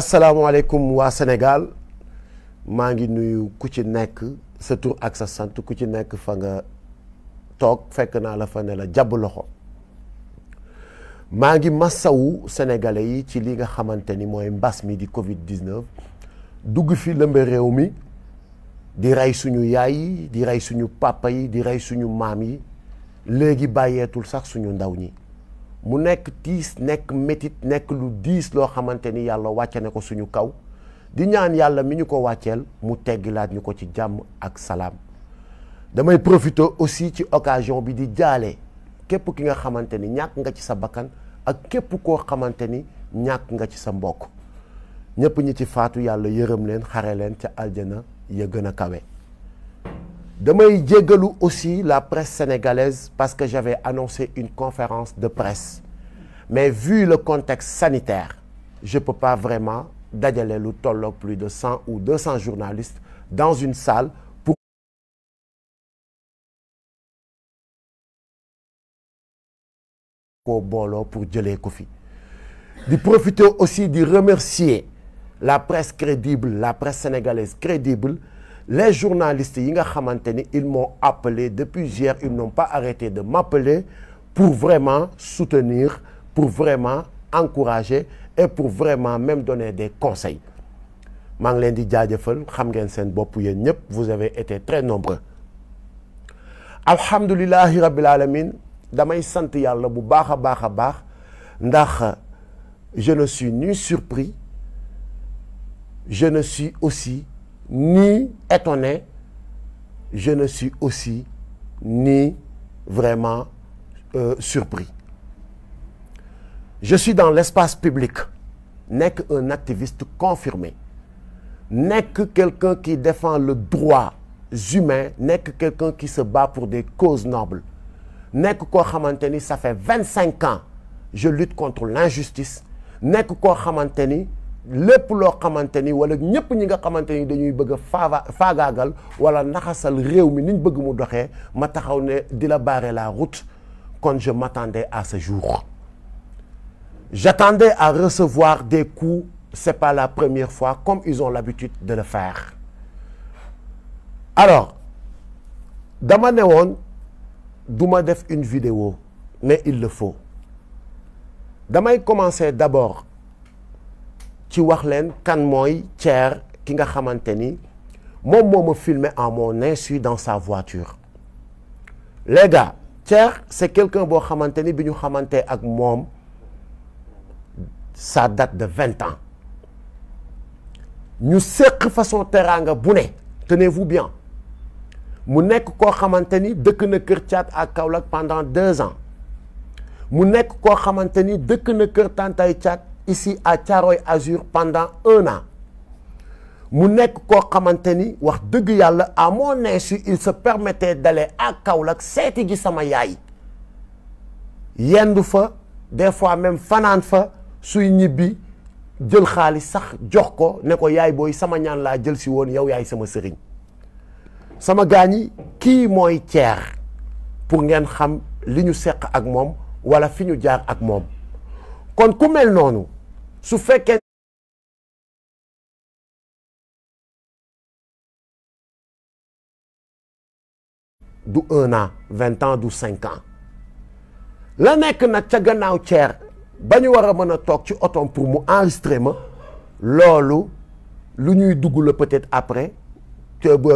asalaamaaleykum waa Sénégal maa ngi nuyu ku ci nekk sa tur ak sa sant ku ci nekk fa nga toog fekk naa la fa ne la jàbb loxo maa ngi massawu sénégalais yi ci li nga xamante ni mooy mbas mi di Covid 19 dugg fi lëmbe réew mi di rey suñu yaay yi di rey suñu papa yi di rey suñu maam yi léegi bàyyeetul sax suñu ndaw ñi. mu nekk tiis nekk métit nekk lu diis loo xamante ni yàlla wàcce ne ko suñu kaw di ñaan yàlla mu ñu ko wàcceel mu teggilaat ñu ko ci jàmm ak salaam damay profiter aussi ci occasion bi di jaale képp ki nga xamante ni ñàkk nga ci sa bakkan ak képp koo xamante ni ñàkk nga ci sa mbokk ñëpp ñi ci faatu yàlla yërëm leen xare leen ca aljana ya gën a kawe damay jéggalu aussi la presse sénégalaise parce que j'avais annoncé une conférence de presse mais vu le contexte sanitaire je peux pas vraiment dajale lu tolloog plus de cent ou deux cents journalistes dans une salle pour ko pour jëlee ko fi di profiter aussi di remercier la presse crédible la presse sénégalaise crédible les journalistes yi nga xamante ni ils m'ont appelé depuis hier ils n'ont pas arrêté de m'appeler pour vraiment soutenir pour vraiment encourager et pour vraiment même donner des conseils maa ngi leen di jaajëfal xam ngeen seen bopp yéen ñëpp vous avez été très nombreux alhamdulilahi rabbil alamin damay sant yàlla bu baax a baax a baax ndax je ne suis ni surpris je ne suis aussi ni étonné, je ne suis aussi ni vraiment euh, surpris. Je suis dans l'espace public, n'est qu'un activiste confirmé, n'est que quelqu'un qui défend le droit humain, n'est que quelqu'un qui se bat pour des causes nobles, n'est que quoi ça fait 25 ans, je lutte contre l'injustice, n'est que quoi lépp loo xamante ni wala ñëpp ñi nga xamante ni dañuy bëgg a faava faagaagal wala naxasal réew mi niñ bëgg mu doxee ma taxaw ne di la barrer la route kon je m'attendais à ce jour j'attendais à recevoir des coups c'est pas la première fois comme ils ont l'habitude de le faire alors dama ne woon duma def une vidéo mais il le faut damay commencer d'abord ci wax leen kan mooy Thier ki nga xamante ni moom moo ma filmé en mon insu dans sa voiture les gars Thier c'est quelqu'un boo xamante ni bi ñu xamante ak moom ça date de vingt ans ñu séq façon teraanga bu ne tenez-vous bien mu nekk koo xamante ni dëkk na Kër Thiat ak Kaolack pendant deux ans mu nekk koo xamante ni dëkk na Kër Tantay Thiat ici à Thiaroye Azur pendant un an mu nekk koo xamante ni wax dëgg yàlla à mon insu il se permettait d'aller à Kaolack seeti gi sama yaay yendu fa des fois même fanaan fa suy ñibbi jël xaalis sax jox ko ne ko yaay booy sama ñaan laa jël si woon yow yaay sama sëriñ sama gaañ yi kii mooy ceer pour ngeen xam li ñu seq ak moom wala fi ñu jaar ak moom kon ku mel noonu su fekkee du un an vingt ans du cinq la nekk nag ca gannaaw ceer ba ñu war a mën a toog ci otom pour mu enregistrer ma loolu lu ñuy dugg la peut-être après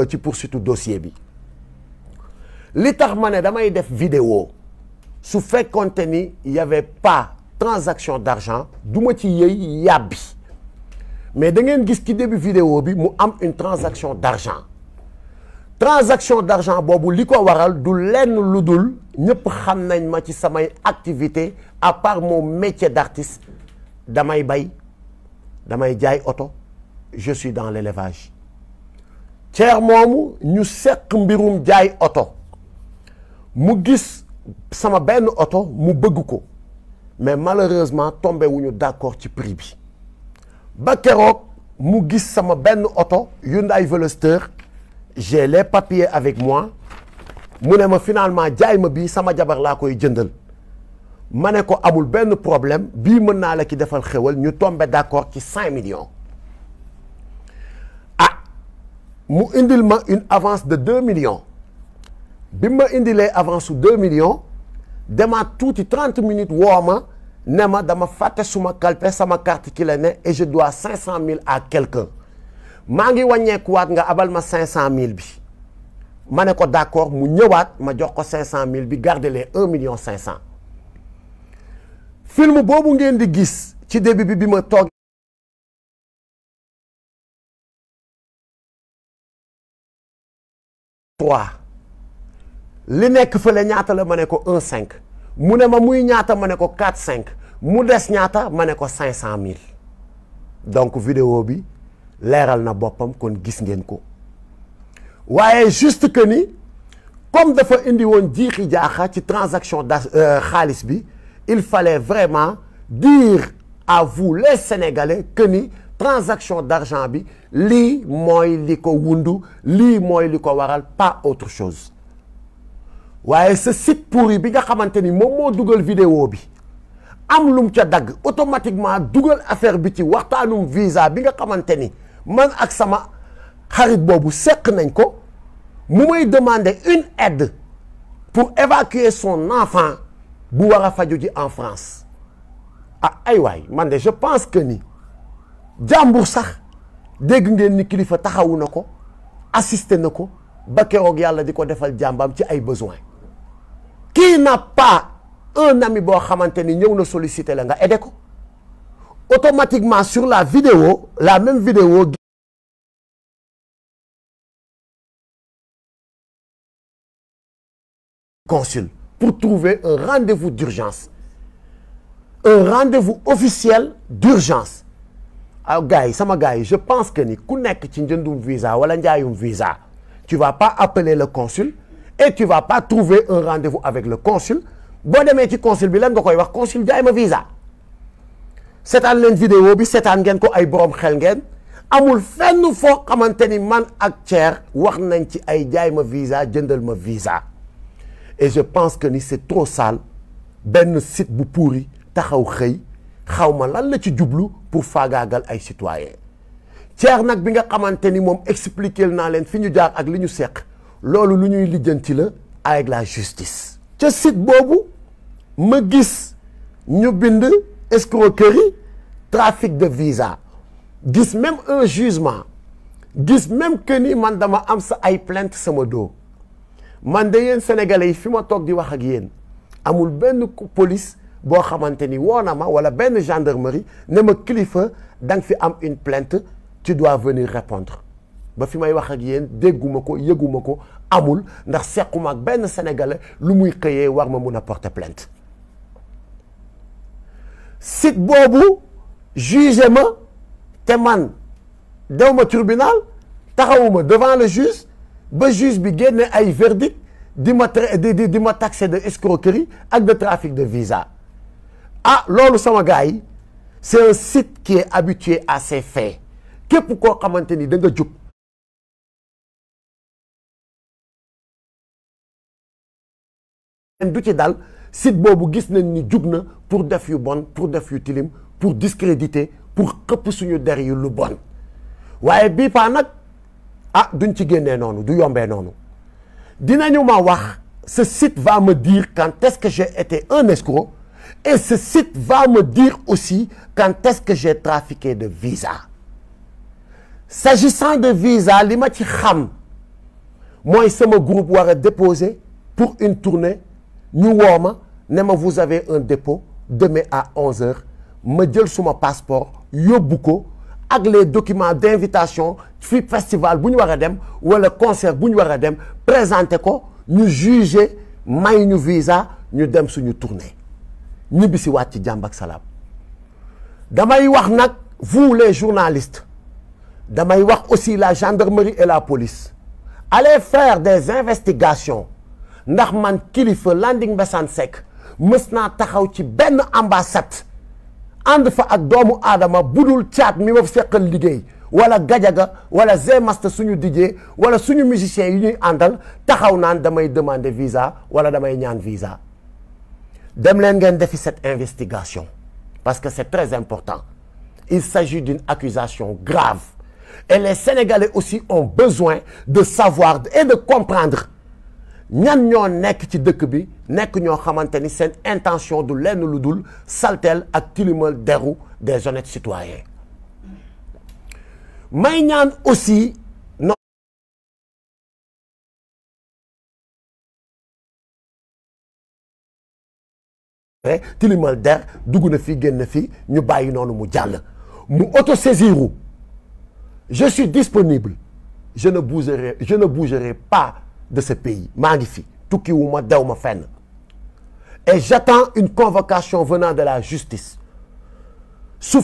ci poursuite dossier bi li tax ma ne damay def vidéo su fekkonte ni yave pa transaction d'argent du ma ci yëy yàbbi mais da ngeen gis ci début vidéo bi mu am une transaction d'argent transaction d'argent boobu li ko waral du lenn lu dul ñëpp xam nañ ma ci samay activité à part mon métier d'artiste damay bay damay jaay oto je suis dans l'élevage ceer moomu ñu seq mbirum jaay oto mu gis sama benn oto mu bëgg ko mais malheureusement tombé wuñu d'accord ci prix bi ba keroog mu gis sama benn oto Hyundai Veloster j'ai les papiers avec moi mu ne ma finalement jaay ma bii sama jabar laa koy jëndal ma ne ko amul benn problème bii mën naa la ki defal xéwal ñu tombé d'accord ci cinq millions ah mu indil ma une avance de deux millions bi ma indilee avance su deux millions demaat tuuti 30 minutes woo ma ne ma dama fàtte suma kalpe sama carte ki la ne et je dois 500000 à quelqu'un maa ngi wàññeekuwaat nga abal ma mille bi ma ne ko d'accord mu ñëwaat ma jox ko mille bi garder les 1 million 500 film boobu ngeen di gis ci début bi bi ma toog. li nekk fële ñaata la ma ne ko un cinq mu ne ma muy ñaata ma ne ko quatre cinq mu des ñaata ma ne ko cinq cent mille donc vidéo bi leeral na boppam kon gis ngeen ko waaye juste que ni comme dafa indi woon jiixi jaaxa ci transaction da euh, xaalis bi il fallait vraiment dire à vous les sénégalais que ni transaction d'argent bi lii mooy li ko wundu lii mooy li ko waral pas autre chose waaye sa site pourri bi nga xamante ni moom moo dugal vidéo bi am lum ca dagg automatiquement dugal affaire bi ci waxtaanum visa bi nga xamante ni man ak sama xarit boobu seq nañ ko mu may demande une aide pour évacuer son enfant bu war a faju ji en France ah ay waay man de je pense que ni jàmbur sax dégg ngeen ni kilifa taxawu na ko assisté na ko ba keroog yàlla di ko defal jàmbam ci ay besoin kii n'a pas un ami boo xamante ni ñëw na solliciter la nga aider ko automatiquement sur la vidéo la même vidéo consul pour trouver un rendez d'urgence un rendez officiel d'urgence ah gars yi sama gars yi je pense que ni ku nekk ci njëndum visa wala njaayum visa tu vas pas appeler le consul et tu vas pas trouver un rendez avec le consul boo demee ci consul bi lan nga koy wax consul jaay ma visa seetaan leen vidéo bi seetaan ngeen ko ay borom xel ngeen amul fenn foo xamante ni man ak Thier wax nañ ci ay jaay ma visa jëndal ma visa et je pense que ni c'est trop sale benn site bu pourri taxaw xëy xaw ma lan la ci jublu pour faagaagal ay citoyens Thier nag bi nga xamante ni moom expliquer naa leen fi ñu jaar ak li ñu seq loolu lu ñuy lijjanti la avec la justice ca boobu ma gis ñu bind escroquerie trafic de visa gis même un jugement gis même que ni man dama am sa ay plainte sama doo man de yéen sénégalais fi ma toog di wax ak yéen amul benn police boo xamante ni woo na ma wala benn gendarmerie ne ma kilifa da nga fi am une plainte tu dois venir répondre ba fi may wax ak yéen dégguma ko yëguma ko amul ndax sequma ak benn sénégalais lu muy xëyee war ma mu na porter plainte site boobu jugé ma te man dew ma tribunal taxawuma devant le juge ba juge bi génne ay verdict di ma di di ma taxé de escroquerie ak de trafic de visa ah loolu sama gars yi c'est un site qui est habitué à ces faits képp koo xamante ni danga nga jub du ci dal site boobu gis nañ ni jug na pour def yu bon pour def yu tilim pour discréditer pour xëpp suñu der yu lu bon waaye bii paa nag ah duñ ci génnee noonu du yombee noonu dinañu ma wax ce site va me dire quand est-ce que j'ai été un escroc et ce site va me dire aussi quand est que j'ai trafiqué de visa s'agissant de visa li ma ci xam mooy sama groupe war a déposer pour une tournée ñu woo ma ne ma vous avez un dépôt demain à 11h ma jël suma passeport yóbbu ko ak les documents d' invitation fi festival bu ñu war a dem wala concert bu ñu war a dem présenté ko ñu jugé may ñu visa ñu dem suñu tournée ñibbi si waat ci jàmm ak damay wax nag vous les journalistes damay wax aussi la gendarmerie et la police allez faire des investigations. ndax man kilifa Landing Mbessane Seck mës naa taxaw ci benn ambassade ànd fa ak doomu aadama budul caat mi ma seqal liggéey wala gajaga wala zemaste suñu DJ wala suñu musicien yi ñuy àndal taxaw naan damay demander visa wala damay ñaan visa dem leen ngeen defi cette investigation parce que c'est très important il s'agit d'une accusation grave et les Sénégalais aussi ont besoin de savoir et de comprendre ñan ñoo nekk ci dëkk bi nekk ñoo xamante ni seen intention du lenn lu dul salteel ak tilimal deru des honnêtes citoyens may ñaan aussi no der dugg na fi génn fi ñu bàyyi noonu mu jàll mu autosaisiru je suis disponible je de ce pays maa ngi fi tukkiwuma daw ma fen et j'attends une convocation venant de la justice su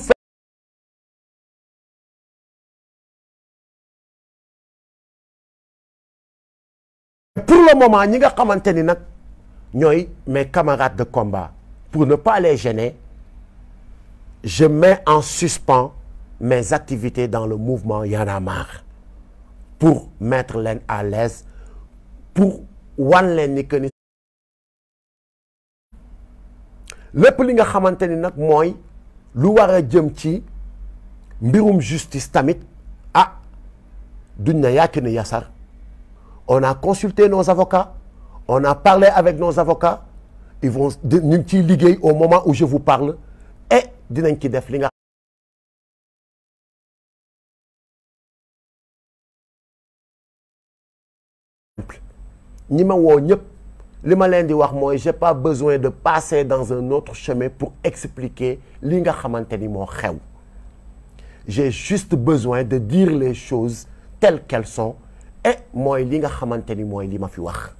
pour le moment ñi nga xamante ni nag ñooy mes camarades de combat pour ne pas les gêner je mets en suspens mes activités dans le mouvement Y en a marre pour mettre leen à l'aise pour wan leen ni que ni li nga xamante ni nag mooy lu war a jëm ci mbirum justice tamit ah duñ na yàcc ni yasar on a consulté nos avocats on a parlé avec nos avocats ils vont ñu ngi ciy liggéey au moment où je vous parle et dinañ ci def li ñi ma woo ñëpp li ma leen di wax mooy j'ai pas besoin de passer dans un autre chemin pour expliquer lii nga xamante ni moo xew j'ai juste besoin de dire les choses telles qu'elles mooy li nga xamante ni mooy li ma fi wax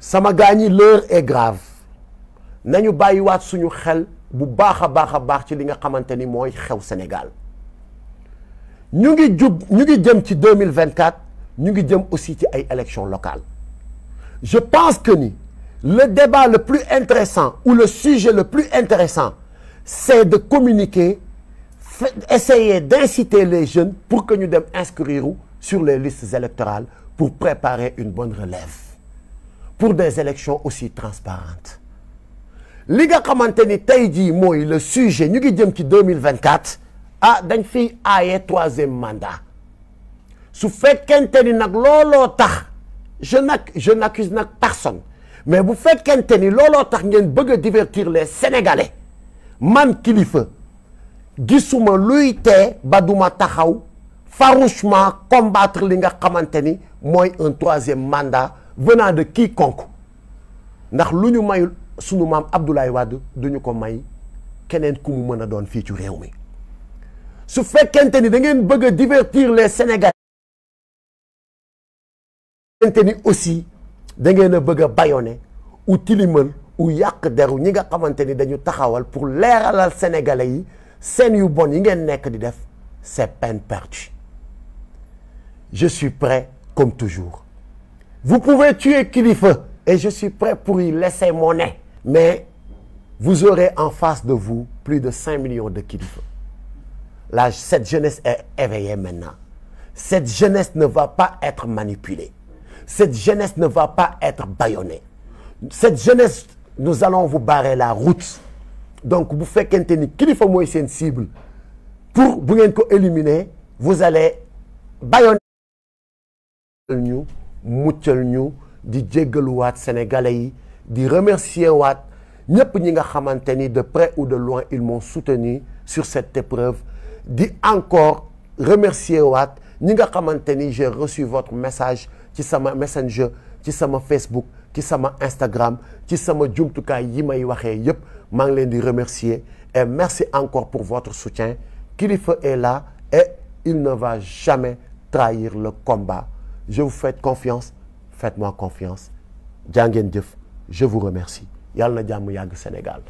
sama gaañi leur est grave nañu bàyyiwaat suñu xel bu baax a baax a baax ci li nga xamante ni mooy xew Sénégal ñu ngi jub ñu ngi jëm ci 2024 ñu ngi jëm aussi ci ay élections locales je pense que ni le débat le plus intéressant ou le sujet le plus intéressant c'est de communiquer essayer d'inciter les jeunes pour que ñu dem inscrire sur les listes électorales pour préparer une bonne relève pour des élections aussi transparentes li nga xamante ni tey jii mooy le sujet ñu ngi jëm ci 2024 ah dañ fiy aaye troisième mandat su fekkente ni nag looloo tax je n' je accuse nag personne mais bu fekkente ni looloo tax ngeen bëgg a divertir les sénégalais man kilifa gisuma luy tee ba duma taxaw farouchement combattre li nga xamante ni mooy un troisième mandat venant de quiconque ndax lu ñu mayul sunu maam Abdoulaye Wade du ñu ko may keneen ku mu mën a doon fii ci réew mi su fekkente ni da ngeen bëgg a divertir les sénégalais. xamante ni aussi da ngeen a bëgg a bayone ou tilimal ou yàq deru ñi nga xamante ni dañu taxawal pour leeralal sénégalais yi seen yu bon yi ngeen nekk di def c'est peine perdue je suis prêt comme toujours vous pouvez tuer Kilifeu et je suis prêt pour y laisser mon nez mais vous aurez en face de vous plus de cinq millions de Kilifeu là cette jeunesse est éveillée maintenant cette jeunesse ne va pas être manipulée cette jeunesse ne va pas être bâillonnée cette jeunesse nous allons vous barrer la route donc bu fekkente ni kilifa mooy seen cible pour bu ngeen ko éliminer vous allez bâillonner ñu muccal ñu di jéggaluwaat sénégalais yi di remercier waat ñëpp ñi nga xamante ni de près ou de loin ils m'ont soutenu sur cette épreuve di encore remercier waat ñi nga xamante ni j'ai reçu votre message ci sama messenger ci sama Facebook ci sama Instagram ci sama jumtukaay yi may waxee yépp maa ngi leen di remercier et merci encore pour votre soutien Kilifeu est là et il ne va jamais trahir le combat je vous fais confiance faites-moi confiance jaa ngeen jëf je vous remercie yàlla na jàmm yàgg Sénégal